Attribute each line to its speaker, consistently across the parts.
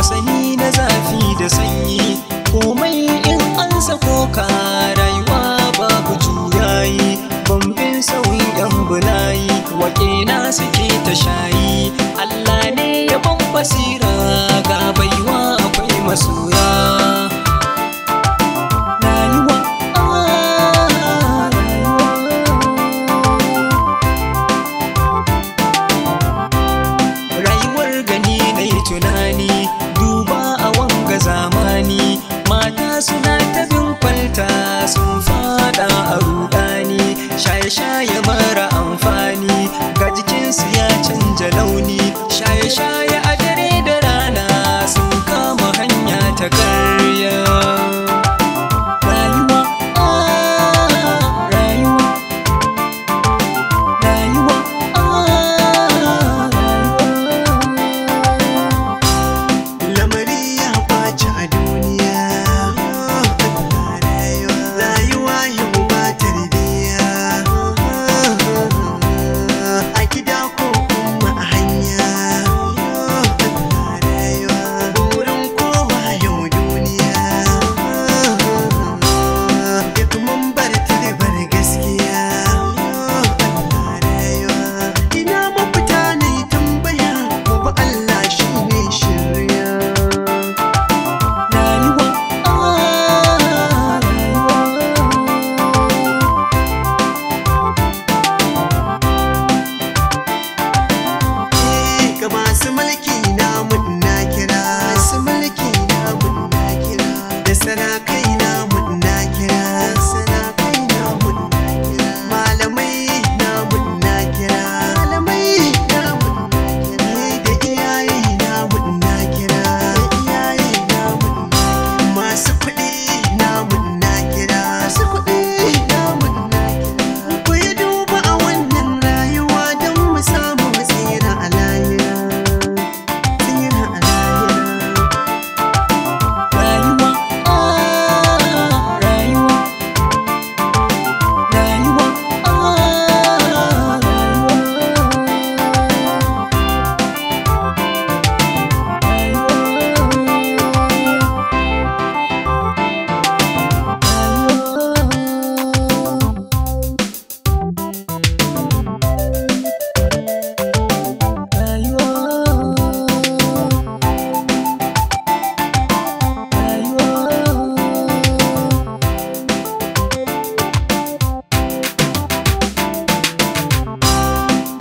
Speaker 1: masani na zafi da sanyi komai in an sako ka rayuwa babu juyayi bambin sauyin yan bulayi wake na suke ta shayi Allah ne ya ban basira to go.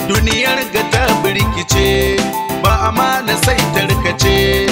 Speaker 2: duniyar ga ta birkice ba amana sai tarkace